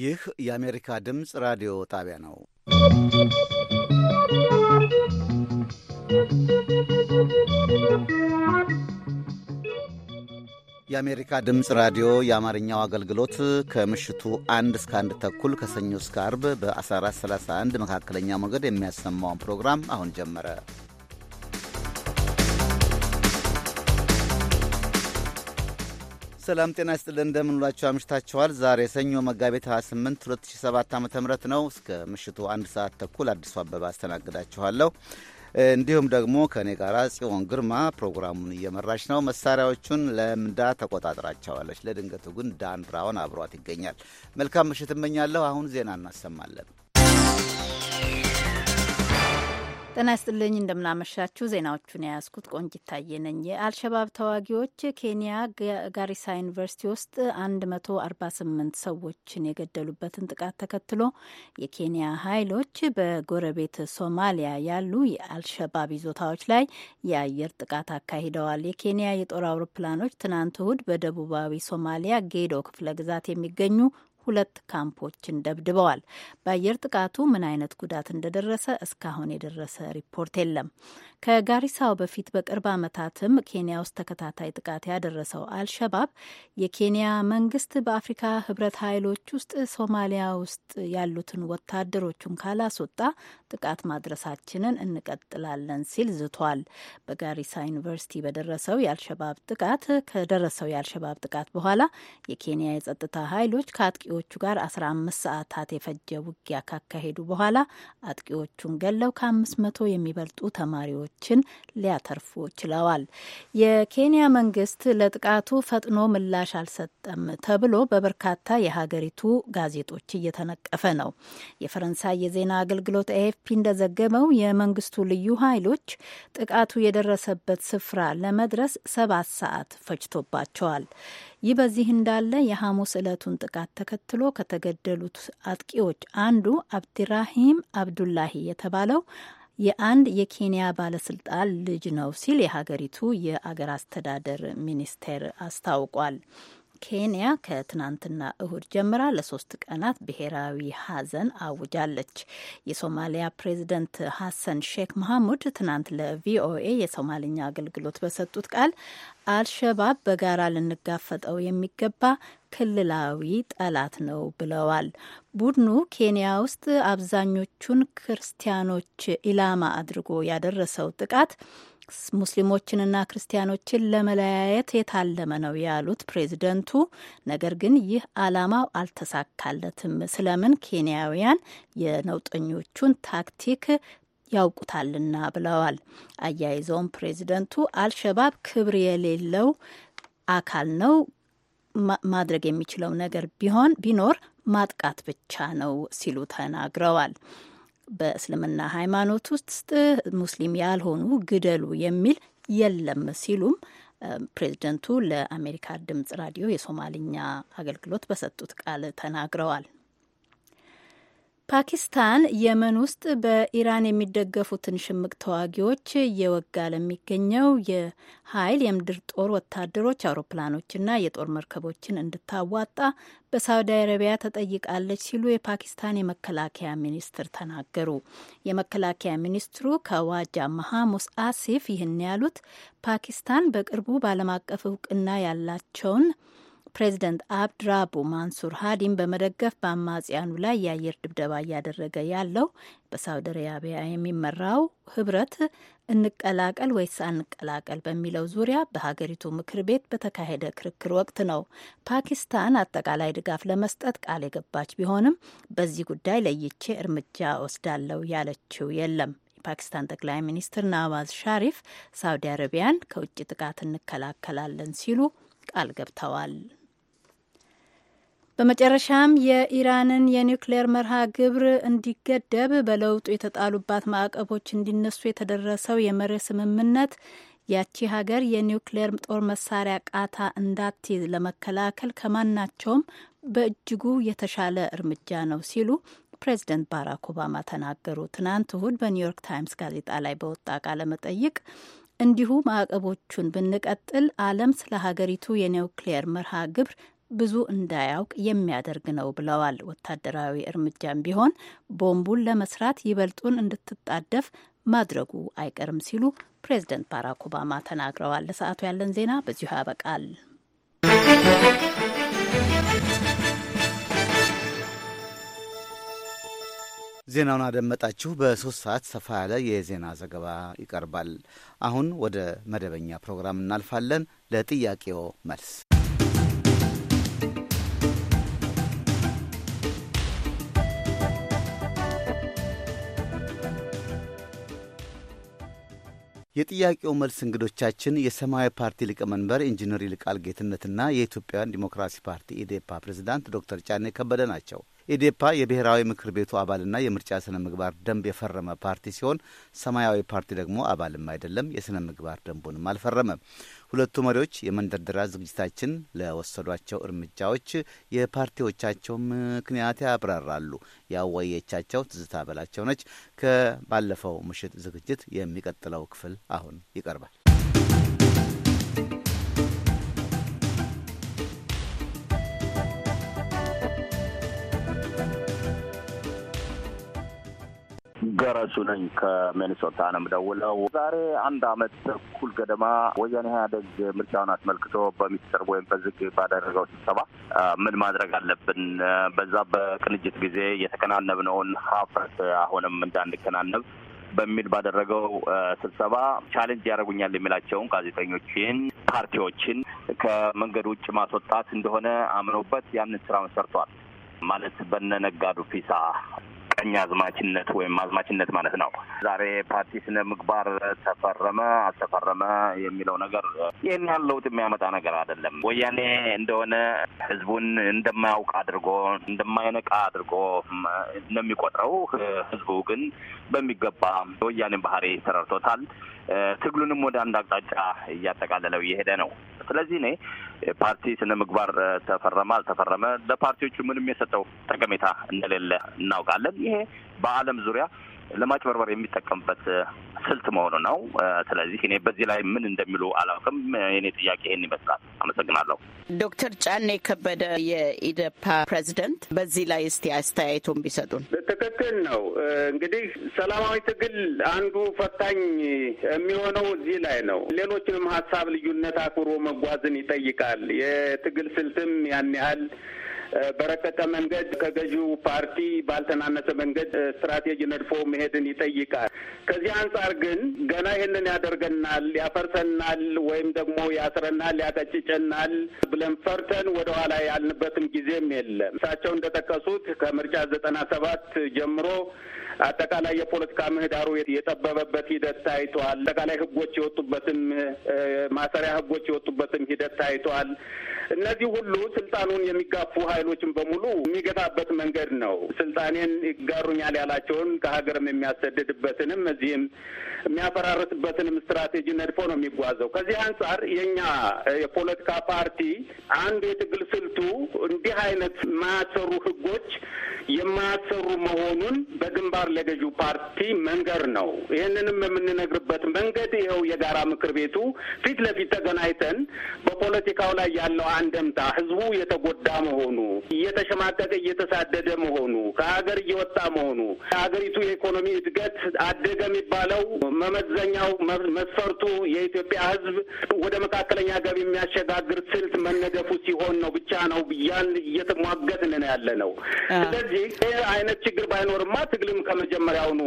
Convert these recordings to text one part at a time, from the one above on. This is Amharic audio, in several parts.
ይህ የአሜሪካ ድምፅ ራዲዮ ጣቢያ ነው። የአሜሪካ ድምፅ ራዲዮ የአማርኛው አገልግሎት ከምሽቱ አንድ እስከ አንድ ተኩል ከሰኞ እስከ አርብ በ1431 መካከለኛ ሞገድ የሚያሰማውን ፕሮግራም አሁን ጀመረ። ሰላም ጤና ይስጥልን። እንደምንላችሁ አምሽታችኋል። ዛሬ ሰኞ መጋቢት 28 2007 ዓ ም ነው። እስከ ምሽቱ አንድ ሰዓት ተኩል አዲሱ አበባ አስተናግዳችኋለሁ። እንዲሁም ደግሞ ከእኔ ጋር ጽዮን ግርማ ፕሮግራሙን እየመራች ነው። መሳሪያዎቹን ለምዳ ተቆጣጥራቸዋለች። ለድንገቱ ግን ዳን ብራውን አብሯት ይገኛል። መልካም ምሽት እመኛለሁ። አሁን ዜና እናሰማለን። ጤና ይስጥልኝ። እንደምናመሻችሁ። ዜናዎቹን የያዝኩት ቆንጅ ታዬ ነኝ። የአልሸባብ ተዋጊዎች ኬንያ ጋሪሳ ዩኒቨርሲቲ ውስጥ 148 ሰዎችን የገደሉበትን ጥቃት ተከትሎ የኬንያ ኃይሎች በጎረቤት ሶማሊያ ያሉ የአልሸባብ ይዞታዎች ላይ የአየር ጥቃት አካሂደዋል። የኬንያ የጦር አውሮፕላኖች ትናንት እሁድ በደቡባዊ ሶማሊያ ጌዶ ክፍለ ግዛት የሚገኙ ሁለት ካምፖችን ደብድበዋል። በአየር ጥቃቱ ምን አይነት ጉዳት እንደደረሰ እስካሁን የደረሰ ሪፖርት የለም። ከጋሪሳው በፊት በቅርብ ዓመታትም ኬንያ ውስጥ ተከታታይ ጥቃት ያደረሰው አልሸባብ የኬንያ መንግስት በአፍሪካ ህብረት ኃይሎች ውስጥ ሶማሊያ ውስጥ ያሉትን ወታደሮቹን ካላስወጣ ጥቃት ማድረሳችንን እንቀጥላለን ሲል ዝቷል። በጋሪሳ ዩኒቨርሲቲ በደረሰው የአልሸባብ ጥቃት ከደረሰው የአልሸባብ ጥቃት በኋላ የኬንያ የጸጥታ ኃይሎች ከአጥቂዎ ከአጥቂዎቹ ጋር 15 ሰዓታት የፈጀ ውጊያ ካካሄዱ በኋላ አጥቂዎቹን ገለው ከ500 የሚበልጡ ተማሪዎችን ሊያተርፉ ችለዋል። የኬንያ መንግስት ለጥቃቱ ፈጥኖ ምላሽ አልሰጠም ተብሎ በበርካታ የሀገሪቱ ጋዜጦች እየተነቀፈ ነው። የፈረንሳይ የዜና አገልግሎት ኤኤፍፒ እንደዘገበው የመንግስቱ ልዩ ኃይሎች ጥቃቱ የደረሰበት ስፍራ ለመድረስ ሰባት ሰዓት ፈጅቶባቸዋል። ይህ በዚህ እንዳለ የሐሙስ ዕለቱን ጥቃት ተከትሎ ከተገደሉት አጥቂዎች አንዱ አብዲራሂም አብዱላሂ የተባለው የአንድ የኬንያ ባለስልጣን ልጅ ነው ሲል የሀገሪቱ የአገር አስተዳደር ሚኒስቴር አስታውቋል። ኬንያ ከትናንትና እሁድ ጀምራ ለሶስት ቀናት ብሔራዊ ሀዘን አውጃለች። የሶማሊያ ፕሬዚደንት ሀሰን ሼክ መሐሙድ ትናንት ለቪኦኤ የሶማልኛ አገልግሎት በሰጡት ቃል አልሸባብ በጋራ ልንጋፈጠው የሚገባ ክልላዊ ጠላት ነው ብለዋል። ቡድኑ ኬንያ ውስጥ አብዛኞቹን ክርስቲያኖች ኢላማ አድርጎ ያደረሰው ጥቃት ታክስ ሙስሊሞችንና ክርስቲያኖችን ለመለያየት የታለመ ነው ያሉት ፕሬዚደንቱ፣ ነገር ግን ይህ ዓላማው አልተሳካለትም። ስለምን ኬንያውያን የነውጠኞቹን ታክቲክ ያውቁታልና ብለዋል። አያይዘውም ፕሬዚደንቱ አልሸባብ ክብር የሌለው አካል ነው ማድረግ የሚችለው ነገር ቢሆን ቢኖር ማጥቃት ብቻ ነው ሲሉ ተናግረዋል። በእስልምና ሃይማኖት ውስጥ ሙስሊም ያልሆኑ ግደሉ የሚል የለም ሲሉም ፕሬዚደንቱ ለአሜሪካ ድምጽ ራዲዮ የሶማልኛ አገልግሎት በሰጡት ቃል ተናግረዋል። ፓኪስታን የመን ውስጥ በኢራን የሚደገፉትን ሽምቅ ተዋጊዎች እየወጋ ለሚገኘው የኃይል የምድር ጦር ወታደሮች አውሮፕላኖችና የጦር መርከቦችን እንድታዋጣ በሳውዲ አረቢያ ተጠይቃለች ሲሉ የፓኪስታን የመከላከያ ሚኒስትር ተናገሩ። የመከላከያ ሚኒስትሩ ከዋጃ መሐሙስ አሲፍ ይህን ያሉት ፓኪስታን በቅርቡ ባለም አቀፍ እውቅና ያላቸውን ፕሬዚደንት አብድራቡ ማንሱር ሀዲን በመደገፍ በአማጽያኑ ላይ የአየር ድብደባ እያደረገ ያለው በሳውዲ አረቢያ የሚመራው ህብረት እንቀላቀል ወይስ አንቀላቀል በሚለው ዙሪያ በሀገሪቱ ምክር ቤት በተካሄደ ክርክር ወቅት ነው። ፓኪስታን አጠቃላይ ድጋፍ ለመስጠት ቃል የገባች ቢሆንም በዚህ ጉዳይ ለይቼ እርምጃ ወስዳለው ያለችው የለም። የፓኪስታን ጠቅላይ ሚኒስትር ናዋዝ ሻሪፍ ሳውዲ አረቢያን ከውጭ ጥቃት እንከላከላለን ሲሉ ቃል ገብተዋል። በመጨረሻም የኢራንን የኒውክሌር መርሃ ግብር እንዲገደብ በለውጡ የተጣሉባት ማዕቀቦች እንዲነሱ የተደረሰው የመርህ ስምምነት ያቺ ሀገር የኒውክሌር ጦር መሳሪያ ቃታ እንዳትይዝ ለመከላከል ከማናቸውም በእጅጉ የተሻለ እርምጃ ነው ሲሉ ፕሬዚደንት ባራክ ኦባማ ተናገሩ። ትናንት እሁድ በኒውዮርክ ታይምስ ጋዜጣ ላይ በወጣ ቃለ መጠይቅ እንዲሁ ማዕቀቦቹን ብንቀጥል ዓለም ስለ ሀገሪቱ የኒውክሌር መርሃ ግብር ብዙ እንዳያውቅ የሚያደርግ ነው ብለዋል። ወታደራዊ እርምጃም ቢሆን ቦምቡን ለመስራት ይበልጡን እንድትጣደፍ ማድረጉ አይቀርም ሲሉ ፕሬዝደንት ባራክ ኦባማ ተናግረዋል። ለሰዓቱ ያለን ዜና በዚሁ ያበቃል። ዜናውን አደመጣችሁ። በሶስት ሰዓት ሰፋ ያለ የዜና ዘገባ ይቀርባል። አሁን ወደ መደበኛ ፕሮግራም እናልፋለን። ለጥያቄው መልስ የጥያቄው መልስ እንግዶቻችን የሰማያዊ ፓርቲ ሊቀመንበር ኢንጂነር ይልቃል ጌትነትና የኢትዮጵያውያን ዲሞክራሲ ፓርቲ ኢዴፓ ፕሬዝዳንት ዶክተር ጫኔ ከበደ ናቸው። ኢዴፓ የብሔራዊ ምክር ቤቱ አባልና የምርጫ ስነ ምግባር ደንብ የፈረመ ፓርቲ ሲሆን ሰማያዊ ፓርቲ ደግሞ አባልም አይደለም፣ የስነ ምግባር ደንቡንም አልፈረመም። ሁለቱ መሪዎች የመንደርደራ ዝግጅታችን ለወሰዷቸው እርምጃዎች የፓርቲዎቻቸው ምክንያት ያብራራሉ። ያወየቻቸው ትዝታ በላቸው ነች። ከባለፈው ምሽት ዝግጅት የሚቀጥለው ክፍል አሁን ይቀርባል። ገረሱ ነኝ ከሚኒሶታ ነው የምደውለው። ዛሬ አንድ አመት ተኩል ገደማ ወያኔ ኢህአዴግ ምርጫውን አስመልክቶ በሚስጥር ወይም በዝግ ባደረገው ስብሰባ ምን ማድረግ አለብን፣ በዛ በቅንጅት ጊዜ የተከናነብነውን ሀፍረት አሁንም እንዳንከናነብ በሚል ባደረገው ስብሰባ ቻሌንጅ ያደርጉኛል የሚላቸውን ጋዜጠኞችን፣ ፓርቲዎችን ከመንገድ ውጭ ማስወጣት እንደሆነ አምኖበት ያንን ስራ ሰርቷል። ማለት በነነጋዱ ፊሳ ቀኝ አዝማችነት ወይም አዝማችነት ማለት ነው። ዛሬ ፓርቲ ስነ ምግባር ተፈረመ አልተፈረመ የሚለው ነገር ይህን ያህል ለውጥ የሚያመጣ ነገር አይደለም። ወያኔ እንደሆነ ህዝቡን እንደማያውቅ አድርጎ እንደማይነቃ አድርጎ ነው የሚቆጥረው። ህዝቡ ግን በሚገባ ወያኔ ባህሪ ተረድቶታል። ትግሉንም ወደ አንድ አቅጣጫ እያጠቃለለው እየሄደ ነው። ስለዚህ እኔ ፓርቲ ስነ ምግባር ተፈረመ አልተፈረመ ለፓርቲዎቹ ምንም የሰጠው ጠቀሜታ እንደሌለ እናውቃለን። ይሄ በዓለም ዙሪያ ለማጭበርበር የሚጠቀምበት ስልት መሆኑ ነው። ስለዚህ እኔ በዚህ ላይ ምን እንደሚሉ አላውቅም። የኔ ጥያቄ ይህን ይመስላል። አመሰግናለሁ። ዶክተር ጫኔ ከበደ የኢደፓ ፕሬዚደንት፣ በዚህ ላይ እስቲ አስተያየቱን ቢሰጡን። ትክክል ነው። እንግዲህ ሰላማዊ ትግል አንዱ ፈታኝ የሚሆነው እዚህ ላይ ነው። ሌሎችንም ሀሳብ ልዩነት አክብሮ መጓዝን ይጠይቃል። የትግል ስልትም ያን ያህል በረቀቀ መንገድ ከገዢው ፓርቲ ባልተናነሰ መንገድ ስትራቴጂ ነድፎ መሄድን ይጠይቃል። ከዚህ አንጻር ግን ገና ይህንን ያደርገናል፣ ያፈርሰናል፣ ወይም ደግሞ ያስረናል፣ ያቀጭጨናል ብለን ፈርተን ወደ ኋላ ያልንበትም ጊዜም የለም። እሳቸው እንደጠቀሱት ከምርጫ ዘጠና ሰባት ጀምሮ አጠቃላይ የፖለቲካ ምህዳሩ የጠበበበት ሂደት ታይቷል። አጠቃላይ ህጎች የወጡበትም ማሰሪያ ህጎች የወጡበትም ሂደት ታይቷል። እነዚህ ሁሉ ስልጣኑን የሚጋፉ ሀይሎችን በሙሉ የሚገታበት መንገድ ነው። ስልጣኔን ይጋሩኛል ያላቸውን ከሀገርም የሚያሰድድበትንም እዚህም የሚያፈራርስበትንም ስትራቴጂ ነድፎ ነው የሚጓዘው። ከዚህ አንጻር የእኛ የፖለቲካ ፓርቲ አንዱ የትግል ስልቱ እንዲህ አይነት የማያሰሩ ህጎች የማያሰሩ መሆኑን በግንባር ተግባር ለገዢው ፓርቲ መንገር ነው። ይህንንም የምንነግርበት መንገድ ይኸው የጋራ ምክር ቤቱ ፊት ለፊት ተገናኝተን በፖለቲካው ላይ ያለው አንደምታ ህዝቡ የተጎዳ መሆኑ፣ እየተሸማቀቀ እየተሳደደ መሆኑ፣ ከሀገር እየወጣ መሆኑ፣ ሀገሪቱ የኢኮኖሚ እድገት አደገ የሚባለው መመዘኛው መስፈርቱ የኢትዮጵያ ህዝብ ወደ መካከለኛ ገቢ የሚያሸጋግር ስልት መነደፉ ሲሆን ነው ብቻ ነው ብያን እየተሟገትን ያለ ነው። ስለዚህ ይህ አይነት ችግር ባይኖርማ ትግልም ከመጀመሪያውኑ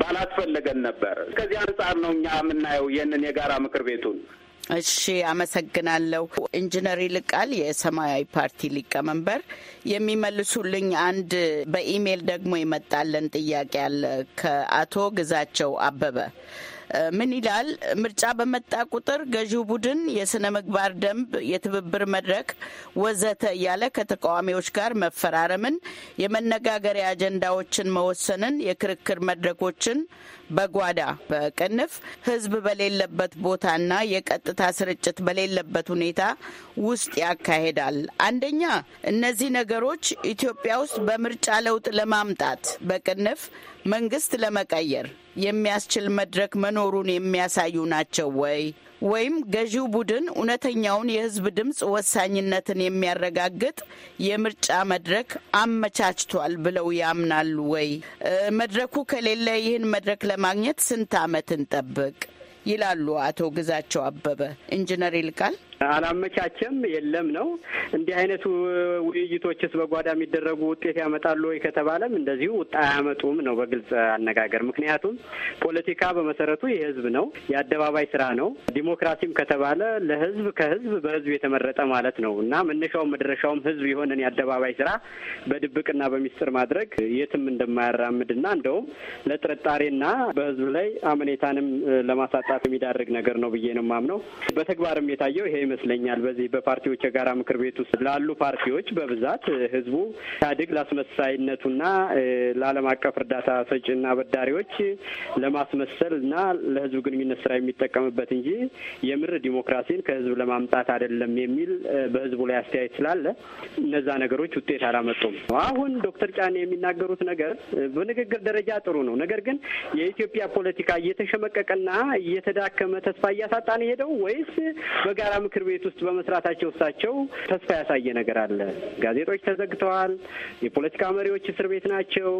ባላስፈለገን ነበር። ከዚህ አንጻር ነው እኛ የምናየው ይህንን የጋራ ምክር ቤቱን። እሺ፣ አመሰግናለሁ። ኢንጂነር ይልቃል የሰማያዊ ፓርቲ ሊቀመንበር የሚመልሱልኝ አንድ በኢሜል ደግሞ ይመጣለን ጥያቄ አለ ከአቶ ግዛቸው አበበ ምን ይላል? ምርጫ በመጣ ቁጥር ገዢው ቡድን የስነ ምግባር ደንብ፣ የትብብር መድረክ ወዘተ እያለ ከተቃዋሚዎች ጋር መፈራረምን፣ የመነጋገሪያ አጀንዳዎችን መወሰንን፣ የክርክር መድረኮችን በጓዳ በቅንፍ ህዝብ በሌለበት ቦታና የቀጥታ ስርጭት በሌለበት ሁኔታ ውስጥ ያካሄዳል። አንደኛ እነዚህ ነገሮች ኢትዮጵያ ውስጥ በምርጫ ለውጥ ለማምጣት በቅንፍ መንግስት ለመቀየር የሚያስችል መድረክ መኖሩን የሚያሳዩ ናቸው ወይ? ወይም ገዢው ቡድን እውነተኛውን የህዝብ ድምፅ ወሳኝነትን የሚያረጋግጥ የምርጫ መድረክ አመቻችቷል ብለው ያምናሉ ወይ? መድረኩ ከሌለ ይህን መድረክ ለማግኘት ስንት ዓመት እንጠብቅ? ይላሉ አቶ ግዛቸው አበበ። ኢንጂነር ይልቃል አላመቻቸም የለም ነው። እንዲህ አይነቱ ውይይቶችስ በጓዳ የሚደረጉ ውጤት ያመጣሉ ወይ ከተባለም እንደዚሁ ውጣ አያመጡም ነው በግልጽ አነጋገር። ምክንያቱም ፖለቲካ በመሰረቱ የህዝብ ነው፣ የአደባባይ ስራ ነው። ዲሞክራሲም ከተባለ ለህዝብ ከህዝብ በህዝብ የተመረጠ ማለት ነው እና መነሻውም መድረሻውም ህዝብ የሆነን የአደባባይ ስራ በድብቅና በሚስጥር ማድረግ የትም እንደማያራምድና እንደውም ለጥርጣሬና በህዝብ ላይ አመኔታንም ለማሳጣት የሚዳርግ ነገር ነው ብዬ ነው የማምነው። በተግባርም የታየው ይሄ ይመስለኛል። በዚህ በፓርቲዎች የጋራ ምክር ቤት ውስጥ ላሉ ፓርቲዎች በብዛት ህዝቡ ኢህአዴግ ላስመሳይነቱና ለዓለም አቀፍ እርዳታ ሰጪና በዳሪዎች ለማስመሰል እና ለህዝብ ግንኙነት ስራ የሚጠቀምበት እንጂ የምር ዲሞክራሲን ከህዝብ ለማምጣት አይደለም የሚል በህዝቡ ላይ አስተያየት ስላለ እነዛ ነገሮች ውጤት አላመጡም። አሁን ዶክተር ጫኔ የሚናገሩት ነገር በንግግር ደረጃ ጥሩ ነው። ነገር ግን የኢትዮጵያ ፖለቲካ እየተሸመቀቀና እየተዳከመ ተስፋ እያሳጣን ሄደው ወይስ በጋራ ምክር ቤት ውስጥ በመስራታቸው እሳቸው ተስፋ ያሳየ ነገር አለ። ጋዜጦች ተዘግተዋል። የፖለቲካ መሪዎች እስር ቤት ናቸው።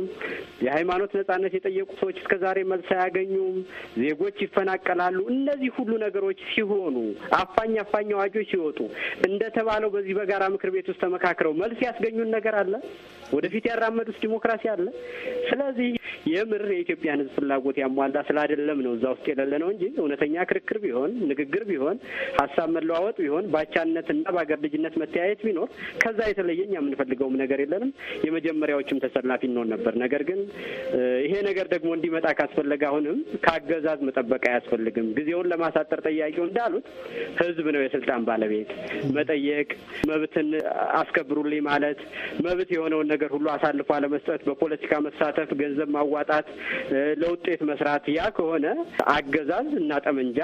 የሃይማኖት ነጻነት የጠየቁ ሰዎች እስከዛሬ መልስ አያገኙም። ዜጎች ይፈናቀላሉ። እነዚህ ሁሉ ነገሮች ሲሆኑ አፋኝ አፋኝ አዋጆች ሲወጡ እንደተባለው በዚህ በጋራ ምክር ቤት ውስጥ ተመካክረው መልስ ያስገኙን ነገር አለ። ወደፊት ያራመዱት ዲሞክራሲ አለ። ስለዚህ የምር የኢትዮጵያን ሕዝብ ፍላጎት ያሟላ ስላይደለም ነው እዛ ውስጥ የሌለ ነው እንጂ እውነተኛ ክርክር ቢሆን ንግግር ቢሆን ሀሳብ መለዋወ መለዋወጥ ቢሆን በአቻነትና በአገር ልጅነት መተያየት ቢኖር ከዛ የተለየ እኛ የምንፈልገውም ነገር የለንም። የመጀመሪያዎችም ተሰላፊ እንሆን ነበር። ነገር ግን ይሄ ነገር ደግሞ እንዲመጣ ካስፈለገ አሁንም ከአገዛዝ መጠበቅ አያስፈልግም። ጊዜውን ለማሳጠር ጠያቂው እንዳሉት ህዝብ ነው የስልጣን ባለቤት። መጠየቅ፣ መብትን አስከብሩልኝ ማለት፣ መብት የሆነውን ነገር ሁሉ አሳልፎ አለመስጠት፣ በፖለቲካ መሳተፍ፣ ገንዘብ ማዋጣት፣ ለውጤት መስራት ያ ከሆነ አገዛዝ እና ጠመንጃ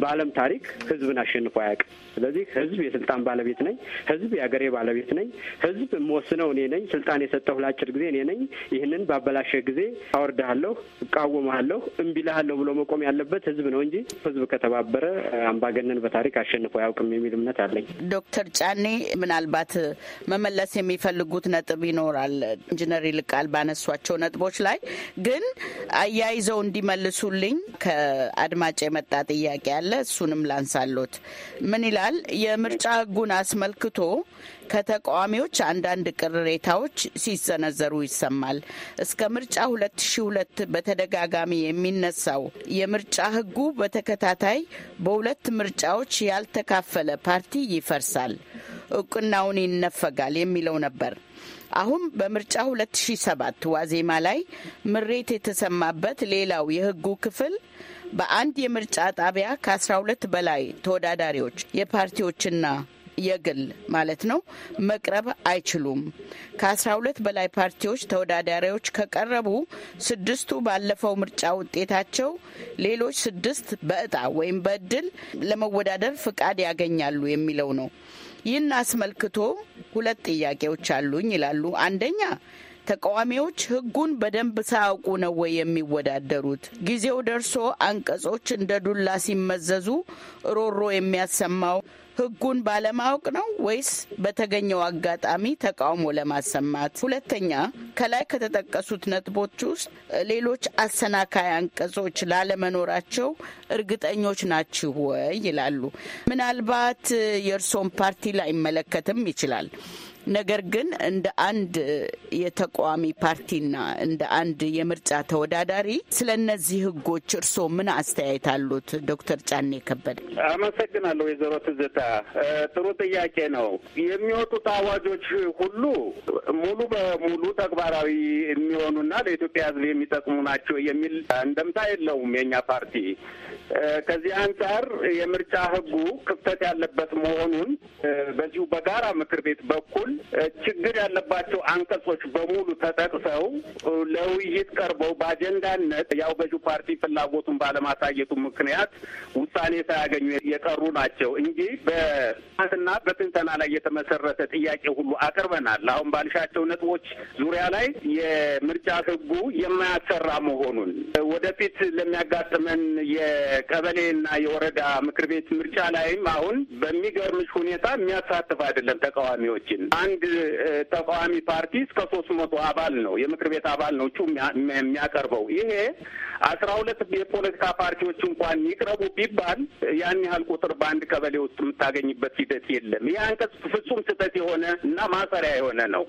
በዓለም ታሪክ ህዝብን አሸንፎ አያውቅም። ስለዚህ ህዝብ የስልጣን ባለቤት ነኝ፣ ህዝብ የአገሬ ባለቤት ነኝ፣ ህዝብ የምወስነው እኔ ነኝ፣ ስልጣን የሰጠሁ ለአጭር ጊዜ እኔ ነኝ። ይህንን ባበላሸ ጊዜ አወርድሃለሁ፣ እቃወመሃለሁ፣ እምቢልሃለሁ ብሎ መቆም ያለበት ህዝብ ነው እንጂ ህዝብ ከተባበረ አምባገነን በታሪክ አሸንፎ አያውቅም የሚል እምነት አለኝ። ዶክተር ጫኔ ምናልባት መመለስ የሚፈልጉት ነጥብ ይኖራል ኢንጂነር ይልቃል ባነሷቸው ነጥቦች ላይ ግን አያይዘው እንዲመልሱልኝ ከአድማጭ የመጣ ጥያቄ አለ። እሱንም ላንሳሎት ምን ይላል? የምርጫ ህጉን አስመልክቶ ከተቃዋሚዎች አንዳንድ ቅሬታዎች ሲሰነዘሩ ይሰማል። እስከ ምርጫ 2002 በተደጋጋሚ የሚነሳው የምርጫ ህጉ በተከታታይ በሁለት ምርጫዎች ያልተካፈለ ፓርቲ ይፈርሳል፣ እውቅናውን ይነፈጋል የሚለው ነበር። አሁን በምርጫ 2007 ዋዜማ ላይ ምሬት የተሰማበት ሌላው የህጉ ክፍል በአንድ የምርጫ ጣቢያ ከ12 በላይ ተወዳዳሪዎች የፓርቲዎችና የግል ማለት ነው መቅረብ አይችሉም። ከ12 በላይ ፓርቲዎች ተወዳዳሪዎች ከቀረቡ ስድስቱ ባለፈው ምርጫ ውጤታቸው፣ ሌሎች ስድስት በእጣ ወይም በእድል ለመወዳደር ፍቃድ ያገኛሉ የሚለው ነው። ይህን አስመልክቶ ሁለት ጥያቄዎች አሉኝ ይላሉ። አንደኛ ተቃዋሚዎች ህጉን በደንብ ሳያውቁ ነው ወይ የሚወዳደሩት? ጊዜው ደርሶ አንቀጾች እንደ ዱላ ሲመዘዙ ሮሮ የሚያሰማው ህጉን ባለማወቅ ነው ወይስ በተገኘው አጋጣሚ ተቃውሞ ለማሰማት? ሁለተኛ ከላይ ከተጠቀሱት ነጥቦች ውስጥ ሌሎች አሰናካይ አንቀጾች ላለመኖራቸው እርግጠኞች ናችሁ ወይ ይላሉ። ምናልባት የእርሶን ፓርቲ ላይመለከትም ይችላል። ነገር ግን እንደ አንድ የተቃዋሚ ፓርቲና እንደ አንድ የምርጫ ተወዳዳሪ ስለ እነዚህ ህጎች እርስዎ ምን አስተያየት አሉት? ዶክተር ጫኔ ከበደ። አመሰግናለሁ ወይዘሮ ትዝታ። ጥሩ ጥያቄ ነው። የሚወጡት አዋጆች ሁሉ ሙሉ በሙሉ ተግባራዊ የሚሆኑና ለኢትዮጵያ ህዝብ የሚጠቅሙ ናቸው የሚል እንደምታ የለውም የእኛ ፓርቲ። ከዚህ አንጻር የምርጫ ህጉ ክፍተት ያለበት መሆኑን በዚሁ በጋራ ምክር ቤት በኩል ችግር ያለባቸው አንቀጾች በሙሉ ተጠቅሰው ለውይይት ቀርበው በአጀንዳነት ያው ገዢው ፓርቲ ፍላጎቱን ባለማሳየቱ ምክንያት ውሳኔ ሳያገኙ የቀሩ ናቸው እንጂ በትና በትንተና ላይ የተመሰረተ ጥያቄ ሁሉ አቅርበናል። አሁን ባልሻቸው ነጥቦች ዙሪያ ላይ የምርጫ ህጉ የማያሰራ መሆኑን ወደፊት ለሚያጋጥመን የቀበሌና የወረዳ ምክር ቤት ምርጫ ላይም አሁን በሚገርምሽ ሁኔታ የሚያሳትፍ አይደለም ተቃዋሚዎችን አንድ ተቃዋሚ ፓርቲ እስከ ሶስት መቶ አባል ነው የምክር ቤት አባል ነው እጩ የሚያቀርበው። ይሄ አስራ ሁለት የፖለቲካ ፓርቲዎች እንኳን ይቅረቡ ቢባል ያን ያህል ቁጥር በአንድ ቀበሌ ውስጥ የምታገኝበት ሂደት የለም። ይህ አንቀጽ ፍጹም ስህተት የሆነ እና ማሰሪያ የሆነ ነው።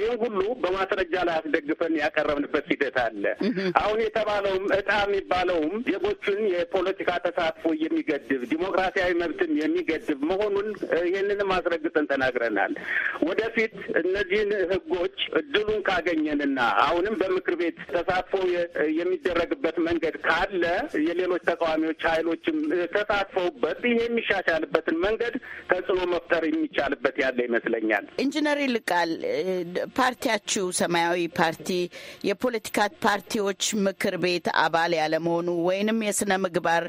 ይህን ሁሉ በማስረጃ ላይ አስደግፈን ያቀረብንበት ሂደት አለ። አሁን የተባለውም እጣ የሚባለውም ዜጎችን የፖለቲካ ተሳትፎ የሚገድብ ዲሞክራሲያዊ መብትን የሚገድብ መሆኑን ይህንንም አስረግጠን ተናግረናል። ወደፊት እነዚህን ህጎች እድሉን ካገኘንና አሁንም በምክር ቤት ተሳትፎ የሚደረግበት መንገድ ካለ የሌሎች ተቃዋሚዎች ኃይሎችም ተሳትፈውበት ይሄ የሚሻሻልበትን መንገድ ተጽዕኖ መፍጠር የሚቻልበት ያለ ይመስለኛል። ኢንጂነር ይልቃል ፓርቲያችሁ ሰማያዊ ፓርቲ የፖለቲካ ፓርቲዎች ምክር ቤት አባል ያለመሆኑ ወይንም የስነ ምግባር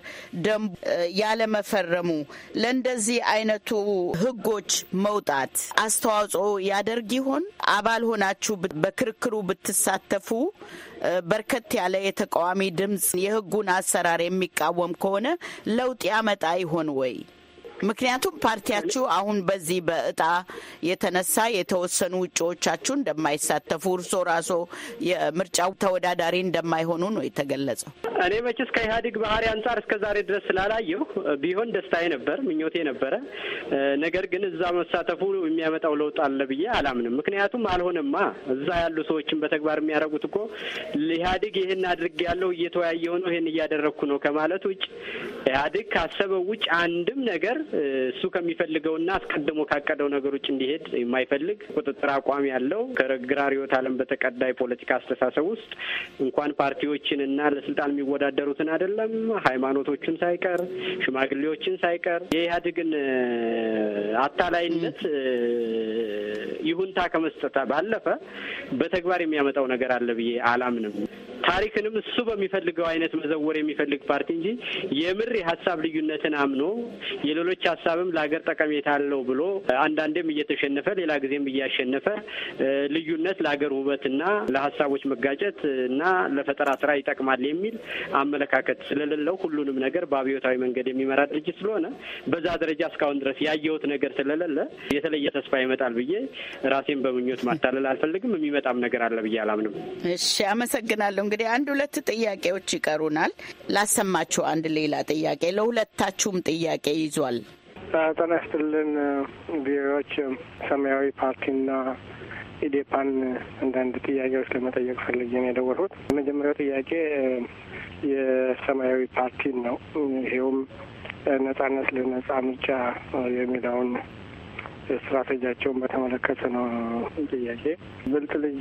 ደንቡ ያለመፈረሙ ለእንደዚህ አይነቱ ህጎች መውጣት አስተዋጽኦ አስተዋጽኦ ያደርግ ይሆን? አባል ሆናችሁ በክርክሩ ብትሳተፉ በርከት ያለ የተቃዋሚ ድምፅ የህጉን አሰራር የሚቃወም ከሆነ ለውጥ ያመጣ ይሆን ወይ? ምክንያቱም ፓርቲያችሁ አሁን በዚህ በእጣ የተነሳ የተወሰኑ ውጭዎቻችሁ እንደማይሳተፉ እርሶ ራሶ የምርጫው ተወዳዳሪ እንደማይሆኑ ነው የተገለጸው። እኔ መችስ ከኢህአዴግ ባህሪ አንጻር እስከ ዛሬ ድረስ ስላላየሁ ቢሆን ደስታዬ ነበር፣ ምኞቴ ነበረ። ነገር ግን እዛ መሳተፉ የሚያመጣው ለውጥ አለ ብዬ አላምንም። ምክንያቱም አልሆነማ እዛ ያሉ ሰዎችን በተግባር የሚያደርጉት እኮ ኢህአዴግ ይህን አድርግ ያለው እየተወያየው ነው፣ ይህን እያደረግኩ ነው ከማለት ውጭ ኢህአዴግ ካሰበው ውጭ አንድም ነገር እሱ ከሚፈልገውና አስቀድሞ ካቀደው ነገሮች እንዲሄድ የማይፈልግ ቁጥጥር አቋም ያለው ከግራር ሕይወት ዓለም በተቀዳ የፖለቲካ አስተሳሰብ ውስጥ እንኳን ፓርቲዎችንና ለስልጣን የሚወዳደሩትን አይደለም ሃይማኖቶችን ሳይቀር ሽማግሌዎችን ሳይቀር የኢህአዴግን አታላይነት ይሁንታ ከመስጠት ባለፈ በተግባር የሚያመጣው ነገር አለ ብዬ አላምንም። ታሪክንም እሱ በሚፈልገው አይነት መዘወር የሚፈልግ ፓርቲ እንጂ የምር የሀሳብ ልዩነትን አምኖ የሌሎች ሀሳብም ለሀገር ጠቀሜታ አለው ብሎ አንዳንዴም እየተሸነፈ ሌላ ጊዜም እያሸነፈ ልዩነት ለሀገር ውበትና ለሀሳቦች መጋጨት እና ለፈጠራ ስራ ይጠቅማል የሚል አመለካከት ስለሌለው ሁሉንም ነገር በአብዮታዊ መንገድ የሚመራ ድርጅት ስለሆነ በዛ ደረጃ እስካሁን ድረስ ያየሁት ነገር ስለሌለ የተለየ ተስፋ ይመጣል ብዬ ራሴን በምኞት ማታለል አልፈልግም። የሚመጣም ነገር አለ ብዬ አላምንም። እሺ፣ አመሰግናለሁ። እንግዲህ አንድ ሁለት ጥያቄዎች ይቀሩናል። ላሰማችሁ አንድ ሌላ ጥያቄ ለሁለታችሁም ጥያቄ ይዟል። ጤና ይስጥልን ቢሮዎች ሰማያዊ ፓርቲና ኢዴፓን አንዳንድ ጥያቄዎች ለመጠየቅ ፈልጌ ነው የደወልኩት። የመጀመሪያው ጥያቄ የሰማያዊ ፓርቲን ነው። ይሄውም ነጻነት ለነጻ ምርጫ የሚለውን ስትራቴጂያቸውን በተመለከተ ነው ጥያቄ። ብልጥ ልጅ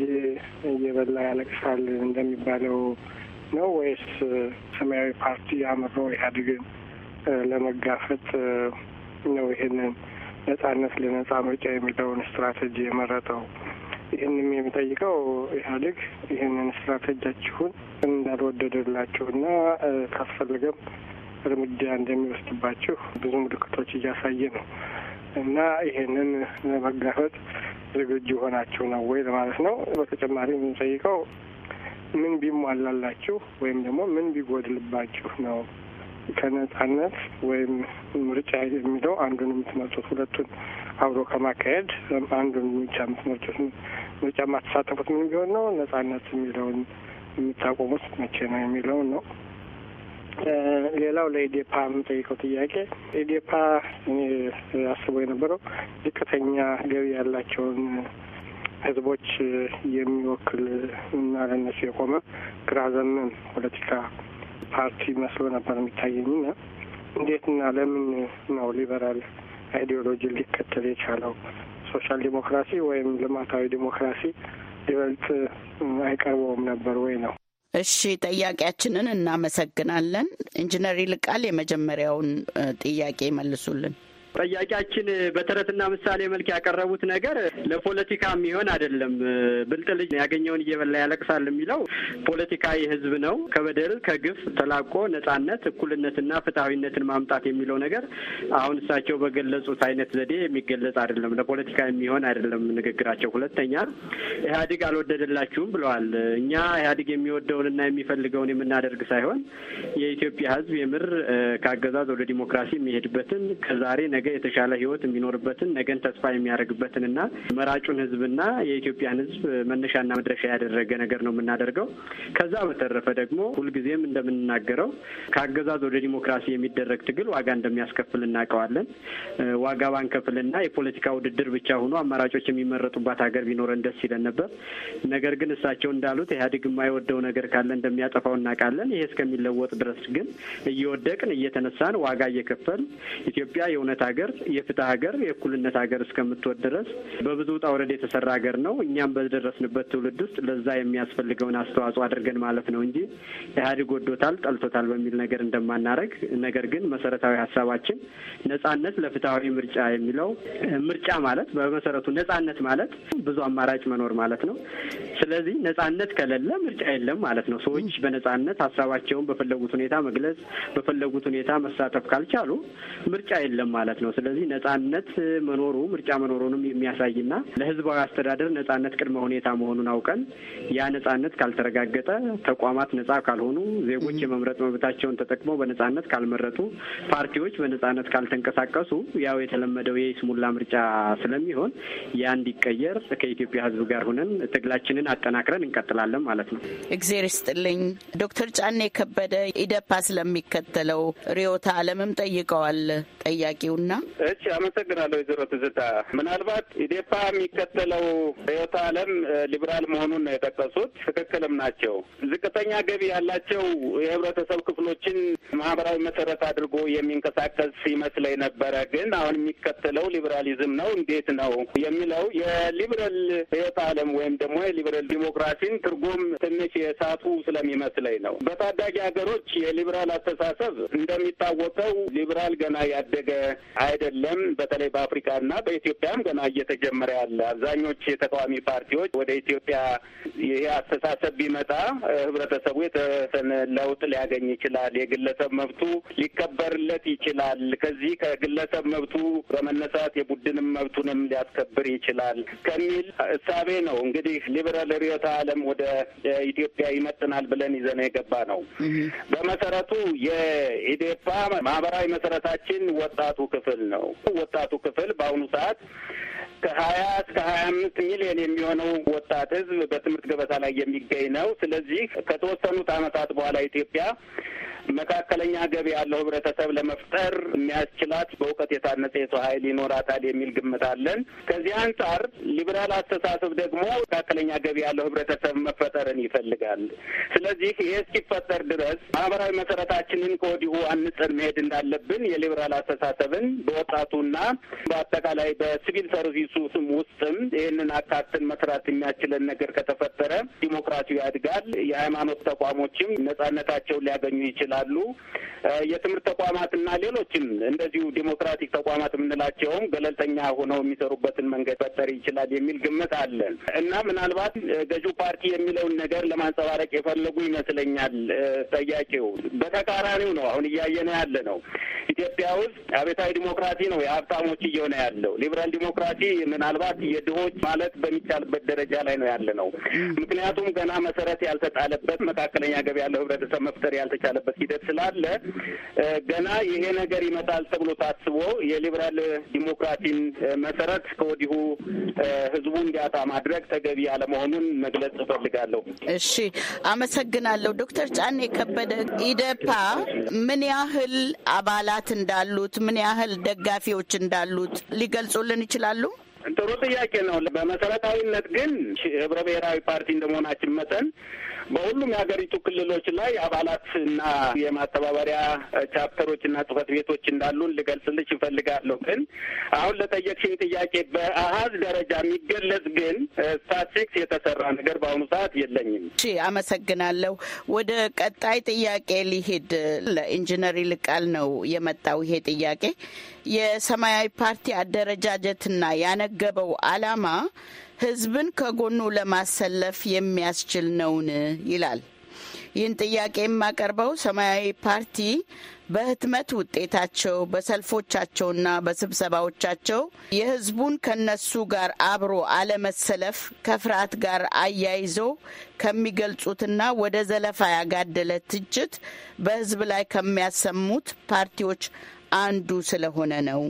እየበላ ያለቅሳል እንደሚባለው ነው ወይስ ሰማያዊ ፓርቲ አምሮ ኢህአዴግን ለመጋፈጥ ነው ይህንን ነጻነት ለነጻ ምርጫ የሚለውን ስትራቴጂ የመረጠው? ይህንም የሚጠይቀው ኢህአዴግ ይህንን ስትራቴጂያችሁን እና ካስፈልገም እርምጃ እንደሚወስድባችሁ ብዙ ምልክቶች እያሳየ ነው። እና ይሄንን ለመጋፈጥ ዝግጁ ሆናችሁ ነው ወይ ለማለት ነው። በተጨማሪ የምንጠይቀው ምን ቢሟላላችሁ ወይም ደግሞ ምን ቢጎድልባችሁ ነው ከነጻነት ወይም ምርጫ የሚለው አንዱን የምትመርጡት ሁለቱን አብሮ ከማካሄድ አንዱን ምርጫ የምትመርጡት ምርጫ የማትሳተፉት ምን ቢሆን ነው ነጻነት የሚለውን የምታቆሙት መቼ ነው የሚለውን ነው። ሌላው ለኢዴፓ የምጠይቀው ጥያቄ ኢዴፓ አስቦ የነበረው ዝቅተኛ ገቢ ያላቸውን ህዝቦች የሚወክል እና ለነሱ የቆመ ግራ ፖለቲካ ፓርቲ መስሎ ነበር የሚታየኝና እንዴትና ለምን ነው ሊበራል አይዲዮሎጂ ሊከተል የቻለው? ሶሻል ዲሞክራሲ ወይም ልማታዊ ዲሞክራሲ ሊበልጥ አይቀርበውም ነበር ወይ ነው? እሺ ጠያቂያችንን እናመሰግናለን። ኢንጂነር ይልቃል የመጀመሪያውን ጥያቄ መልሱልን ጠያቂያችን በተረትና ምሳሌ መልክ ያቀረቡት ነገር ለፖለቲካ የሚሆን አይደለም። ብልጥ ልጅ ያገኘውን እየበላ ያለቅሳል የሚለው ፖለቲካዊ ህዝብ ነው። ከበደል ከግፍ ተላቆ ነጻነት፣ እኩልነትና ፍትሐዊነትን ማምጣት የሚለው ነገር አሁን እሳቸው በገለጹት አይነት ዘዴ የሚገለጽ አይደለም። ለፖለቲካ የሚሆን አይደለም ንግግራቸው። ሁለተኛ ኢህአዴግ አልወደደላችሁም ብለዋል። እኛ ኢህአዴግ የሚወደውንና የሚፈልገውን የምናደርግ ሳይሆን የኢትዮጵያ ህዝብ የምር ከአገዛዝ ወደ ዲሞክራሲ የሚሄድበትን ከዛሬ ነገ ነገ የተሻለ ህይወት የሚኖርበትን ነገን ተስፋ የሚያደርግበትንና መራጩን ህዝብና የኢትዮጵያን ህዝብ መነሻና መድረሻ ያደረገ ነገር ነው የምናደርገው። ከዛ በተረፈ ደግሞ ሁልጊዜም እንደምንናገረው ከአገዛዝ ወደ ዲሞክራሲ የሚደረግ ትግል ዋጋ እንደሚያስከፍል እናውቀዋለን። ዋጋ ባንከፍልና የፖለቲካ ውድድር ብቻ ሆኖ አማራጮች የሚመረጡባት ሀገር ቢኖረን ደስ ይለን ነበር። ነገር ግን እሳቸው እንዳሉት ኢህአዴግ የማይወደው ነገር ካለ እንደሚያጠፋው እናውቃለን። ይሄ እስከሚለወጥ ድረስ ግን እየወደቅን እየተነሳን ዋጋ እየከፈል ኢትዮጵያ የእውነት ሀገር የፍትህ ሀገር የእኩልነት ሀገር እስከምትወድ ድረስ በብዙ ውጣ ውረድ የተሰራ ሀገር ነው። እኛም በደረስንበት ትውልድ ውስጥ ለዛ የሚያስፈልገውን አስተዋጽኦ አድርገን ማለት ነው እንጂ ኢህአዴግ ወዶታል፣ ጠልቶታል በሚል ነገር እንደማናረግ ነገር ግን መሰረታዊ ሀሳባችን ነጻነት ለፍትሐዊ ምርጫ የሚለው ምርጫ ማለት በመሰረቱ ነጻነት ማለት ብዙ አማራጭ መኖር ማለት ነው። ስለዚህ ነጻነት ከሌለ ምርጫ የለም ማለት ነው። ሰዎች በነጻነት ሀሳባቸውን በፈለጉት ሁኔታ መግለጽ በፈለጉት ሁኔታ መሳተፍ ካልቻሉ ምርጫ የለም ማለት ነው። ስለዚህ ነጻነት መኖሩ ምርጫ መኖሩንም የሚያሳይና ለህዝባዊ አስተዳደር ነጻነት ቅድመ ሁኔታ መሆኑን አውቀን ያ ነጻነት ካልተረጋገጠ፣ ተቋማት ነጻ ካልሆኑ፣ ዜጎች የመምረጥ መብታቸውን ተጠቅመው በነጻነት ካልመረጡ፣ ፓርቲዎች በነጻነት ካልተንቀሳቀሱ ያው የተለመደው የይስሙላ ምርጫ ስለሚሆን ያ እንዲቀየር ከኢትዮጵያ ህዝብ ጋር ሆነን ትግላችንን አጠናክረን እንቀጥላለን ማለት ነው። እግዜር ይስጥልኝ። ዶክተር ጫኔ ከበደ ኢደፓ ስለሚከተለው ርዕዮተ ዓለምም ጠይቀዋል ጠያቂውና እና እሺ፣ አመሰግናለሁ ወይዘሮ ትዝታ። ምናልባት ኢዴፓ የሚከተለው ህይወት አለም ሊብራል መሆኑን ነው የጠቀሱት። ትክክልም ናቸው። ዝቅተኛ ገቢ ያላቸው የህብረተሰብ ክፍሎችን ማህበራዊ መሰረት አድርጎ የሚንቀሳቀስ ይመስለኝ ነበረ። ግን አሁን የሚከተለው ሊበራሊዝም ነው እንዴት ነው የሚለው የሊበራል ህይወት አለም ወይም ደግሞ የሊብራል ዲሞክራሲን ትርጉም ትንሽ የሳቱ ስለሚመስለኝ ነው። በታዳጊ ሀገሮች የሊበራል አስተሳሰብ እንደሚታወቀው ሊበራል ገና ያደገ አይደለም። በተለይ በአፍሪካና በኢትዮጵያም ገና እየተጀመረ ያለ አብዛኞች የተቃዋሚ ፓርቲዎች ወደ ኢትዮጵያ ይህ አስተሳሰብ ቢመጣ ህብረተሰቡ የተወሰነ ለውጥ ሊያገኝ ይችላል፣ የግለሰብ መብቱ ሊከበርለት ይችላል። ከዚህ ከግለሰብ መብቱ በመነሳት የቡድንም መብቱንም ሊያስከብር ይችላል ከሚል እሳቤ ነው እንግዲህ ሊበራል ርዕዮተ ዓለም ወደ ኢትዮጵያ ይመጥናል ብለን ይዘነው የገባ ነው። በመሰረቱ የኢዴፓ ማህበራዊ መሰረታችን ወጣቱ ክፍል ክፍል ነው። ወጣቱ ክፍል በአሁኑ ሰዓት ከሀያ እስከ ሀያ አምስት ሚሊዮን የሚሆነው ወጣት ህዝብ በትምህርት ገበታ ላይ የሚገኝ ነው። ስለዚህ ከተወሰኑት ዓመታት በኋላ ኢትዮጵያ መካከለኛ ገቢ ያለው ህብረተሰብ ለመፍጠር የሚያስችላት በእውቀት የታነጸ የሰው ኃይል ይኖራታል የሚል ግምት አለን። ከዚህ አንጻር ሊበራል አስተሳሰብ ደግሞ መካከለኛ ገቢ ያለው ህብረተሰብ መፈጠርን ይፈልጋል። ስለዚህ ይሄ እስኪፈጠር ድረስ ማህበራዊ መሰረታችንን ከወዲሁ አንጸን መሄድ እንዳለብን የሊበራል አስተሳሰብን በወጣቱና በአጠቃላይ በሲቪል ሰርቪሱ ስም ውስጥም ይህንን አካትን መስራት የሚያስችለን ነገር ከተፈጠረ ዲሞክራሲው ያድጋል፣ የሃይማኖት ተቋሞችም ነጻነታቸውን ሊያገኙ ይችላል ይችላሉ። የትምህርት ተቋማትና ሌሎችም እንደዚሁ ዴሞክራቲክ ተቋማት የምንላቸውም ገለልተኛ ሆነው የሚሰሩበትን መንገድ ፈጠር ይችላል የሚል ግምት አለን እና ምናልባት ገዢው ፓርቲ የሚለውን ነገር ለማንጸባረቅ የፈለጉ ይመስለኛል ጠያቂው። በተቃራኒው ነው አሁን እያየነ ያለ ነው። ኢትዮጵያ ውስጥ አቤታዊ ዲሞክራሲ ነው የሀብታሞች እየሆነ ያለው። ሊበራል ዲሞክራሲ ምናልባት የድሆች ማለት በሚቻልበት ደረጃ ላይ ነው ያለ ነው። ምክንያቱም ገና መሰረት ያልተጣለበት መካከለኛ ገቢ ያለው ህብረተሰብ መፍጠር ያልተቻለበት ሂደት ስላለ ገና ይሄ ነገር ይመጣል ተብሎ ታስቦ የሊበራል ዲሞክራሲን መሰረት ከወዲሁ ህዝቡ እንዲያጣ ማድረግ ተገቢ አለመሆኑን መግለጽ እፈልጋለሁ። እሺ፣ አመሰግናለሁ ዶክተር ጫኔ ከበደ ኢደፓ ምን ያህል አባላት አባላት እንዳሉት፣ ምን ያህል ደጋፊዎች እንዳሉት ሊገልጹልን ይችላሉ? ጥሩ ጥያቄ ነው። በመሰረታዊነት ግን ህብረ ብሔራዊ ፓርቲ እንደመሆናችን መጠን በሁሉም የሀገሪቱ ክልሎች ላይ አባላት አባላትና የማስተባበሪያ ቻፕተሮችና ጽህፈት ቤቶች እንዳሉን ልገልጽልሽ ይፈልጋለሁ። ግን አሁን ለጠየቅሽኝ ጥያቄ በአሀዝ ደረጃ የሚገለጽ ግን ስታትስቲክስ የተሰራ ነገር በአሁኑ ሰዓት የለኝም። እሺ፣ አመሰግናለሁ። ወደ ቀጣይ ጥያቄ ሊሄድ ለኢንጂነር ይልቃል ነው የመጣው ይሄ ጥያቄ የሰማያዊ ፓርቲ አደረጃጀትና ያነ የተመዘገበው ዓላማ ህዝብን ከጎኑ ለማሰለፍ የሚያስችል ነውን ይላል። ይህን ጥያቄ የማቀርበው ሰማያዊ ፓርቲ በህትመት ውጤታቸው በሰልፎቻቸውና በስብሰባዎቻቸው የህዝቡን ከነሱ ጋር አብሮ አለመሰለፍ ከፍርሃት ጋር አያይዘው ከሚገልጹትና ወደ ዘለፋ ያጋደለ ትችት በህዝብ ላይ ከሚያሰሙት ፓርቲዎች አንዱ ስለሆነ ነው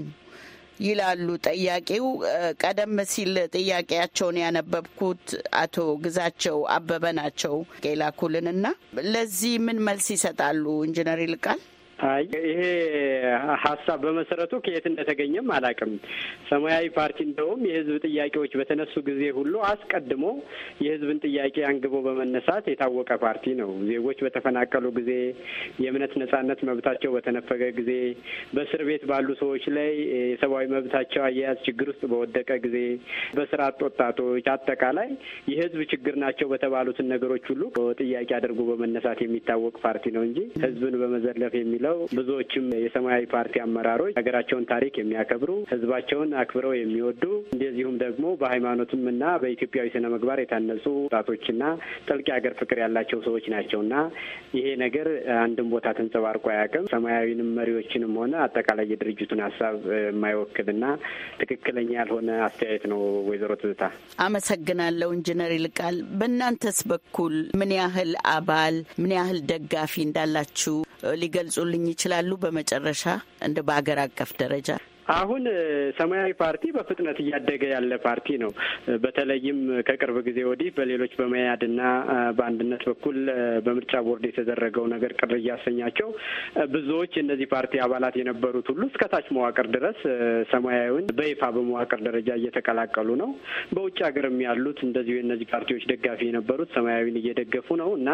ይላሉ ጠያቂው። ቀደም ሲል ጥያቄያቸውን ያነበብኩት አቶ ግዛቸው አበበ ናቸው እና ለዚህ ምን መልስ ይሰጣሉ ኢንጂነር ይልቃል? አይ ይሄ ሀሳብ በመሰረቱ ከየት እንደተገኘም አላውቅም። ሰማያዊ ፓርቲ እንደውም የህዝብ ጥያቄዎች በተነሱ ጊዜ ሁሉ አስቀድሞ የህዝብን ጥያቄ አንግቦ በመነሳት የታወቀ ፓርቲ ነው። ዜጎች በተፈናቀሉ ጊዜ፣ የእምነት ነጻነት መብታቸው በተነፈገ ጊዜ፣ በእስር ቤት ባሉ ሰዎች ላይ የሰብአዊ መብታቸው አያያዝ ችግር ውስጥ በወደቀ ጊዜ፣ በስራ አጥ ወጣቶች፣ አጠቃላይ የህዝብ ችግር ናቸው በተባሉትን ነገሮች ሁሉ ጥያቄ አድርጎ በመነሳት የሚታወቅ ፓርቲ ነው እንጂ ህዝብን በመዘለፍ የሚለው ያለው ብዙዎችም የሰማያዊ ፓርቲ አመራሮች ሀገራቸውን ታሪክ የሚያከብሩ ህዝባቸውን አክብረው የሚወዱ እንደዚሁም ደግሞ በሃይማኖትም እና በኢትዮጵያዊ ስነ ምግባር የታነጹ ወጣቶችና ጥልቅ የሀገር ፍቅር ያላቸው ሰዎች ናቸው እና ይሄ ነገር አንድም ቦታ ተንጸባርቆ አያውቅም። ሰማያዊንም መሪዎችንም ሆነ አጠቃላይ የድርጅቱን ሀሳብ የማይወክልና ትክክለኛ ያልሆነ አስተያየት ነው። ወይዘሮ ትዝታ አመሰግናለሁ። ኢንጂነር ይልቃል በእናንተስ በኩል ምን ያህል አባል ምን ያህል ደጋፊ እንዳላችሁ ሊገልጹልኝ ይችላሉ? በመጨረሻ እንደ በሀገር አቀፍ ደረጃ አሁን ሰማያዊ ፓርቲ በፍጥነት እያደገ ያለ ፓርቲ ነው። በተለይም ከቅርብ ጊዜ ወዲህ በሌሎች በመያድና በአንድነት በኩል በምርጫ ቦርድ የተደረገው ነገር ቅር እያሰኛቸው ብዙዎች የእነዚህ ፓርቲ አባላት የነበሩት ሁሉ እስከታች መዋቅር ድረስ ሰማያዊውን በይፋ በመዋቅር ደረጃ እየተቀላቀሉ ነው። በውጭ ሀገርም ያሉት እንደዚሁ የእነዚህ ፓርቲዎች ደጋፊ የነበሩት ሰማያዊን እየደገፉ ነው እና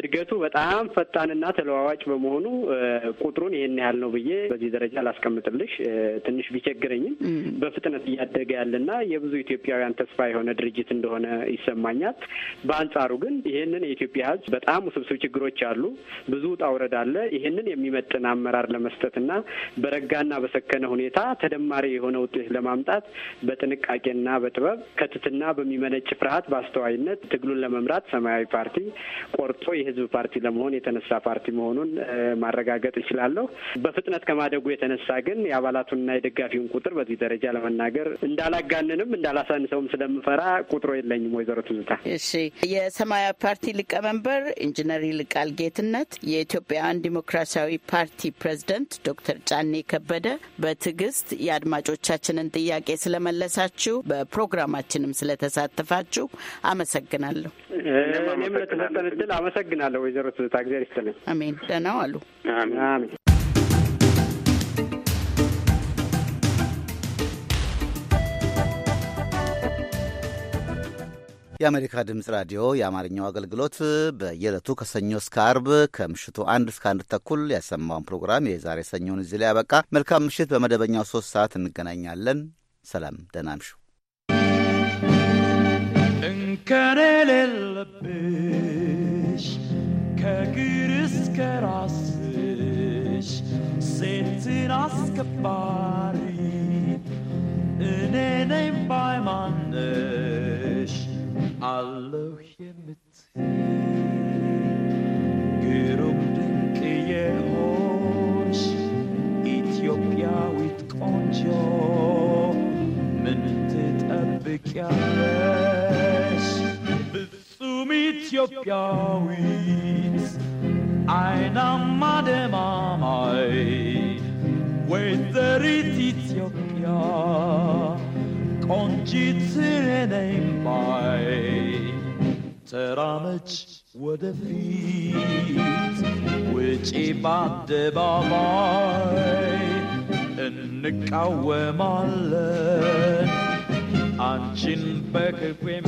እድገቱ በጣም ፈጣንና ተለዋዋጭ በመሆኑ ቁጥሩን ይሄን ያህል ነው ብዬ በዚህ ደረጃ ላስቀምጥልሽ። ትንሽ ቢቸግረኝም በፍጥነት እያደገ ያለና የብዙ ኢትዮጵያውያን ተስፋ የሆነ ድርጅት እንደሆነ ይሰማኛል። በአንጻሩ ግን ይህንን የኢትዮጵያ ሕዝብ በጣም ውስብስብ ችግሮች አሉ፣ ብዙ ውጣ ውረድ አለ። ይህንን የሚመጥን አመራር ለመስጠትና በረጋና በሰከነ ሁኔታ ተደማሪ የሆነ ውጤት ለማምጣት በጥንቃቄና በጥበብ ከትትና በሚመነጭ ፍርሃት በአስተዋይነት ትግሉን ለመምራት ሰማያዊ ፓርቲ ቆርጦ የህዝብ ፓርቲ ለመሆን የተነሳ ፓርቲ መሆኑን ማረጋገጥ እችላለሁ። በፍጥነት ከማደጉ የተነሳ ግን የአባላቱንና የደጋፊውን ቁጥር በዚህ ደረጃ ለመናገር እንዳላጋንንም እንዳላሳንሰውም ስለምፈራ ቁጥሮ የለኝም። ወይዘሮ ትዝታ እሺ። የሰማያዊ ፓርቲ ሊቀመንበር ኢንጂነር ይልቃል ጌትነት፣ የኢትዮጵያውያን ዲሞክራሲያዊ ፓርቲ ፕሬዝደንት ዶክተር ጫኔ ከበደ በትዕግስት የአድማጮቻችንን ጥያቄ ስለመለሳችሁ በፕሮግራማችንም ስለተሳተፋችሁ አመሰግናለሁ። እኔም ለተሰጠን እድል አመሰግናለሁ። ወይዘሮ ትዝታ እግዚአብሔር ይስጥልን። አሜን። ደህና ዋሉ። አሜን። የአሜሪካ ድምፅ ራዲዮ የአማርኛው አገልግሎት በየዕለቱ ከሰኞ እስከ አርብ ከምሽቱ አንድ እስከ አንድ ተኩል ያሰማውን ፕሮግራም የዛሬ ሰኞን እዚህ ላይ ያበቃ። መልካም ምሽት። በመደበኛው ሶስት ሰዓት እንገናኛለን። ሰላም፣ ደህና እምሹ። እንከን የሌለብሽ ከግር እስከ ራስሽ ሴትን አስገባሽ Ethiopia wheat. Einem Mademamai, Weatherit Ethiopia, Conchitzirenei Mai, Teramich ወደፊት ውጪ በአደባባይ እንቃወማለን አንቺን በክብር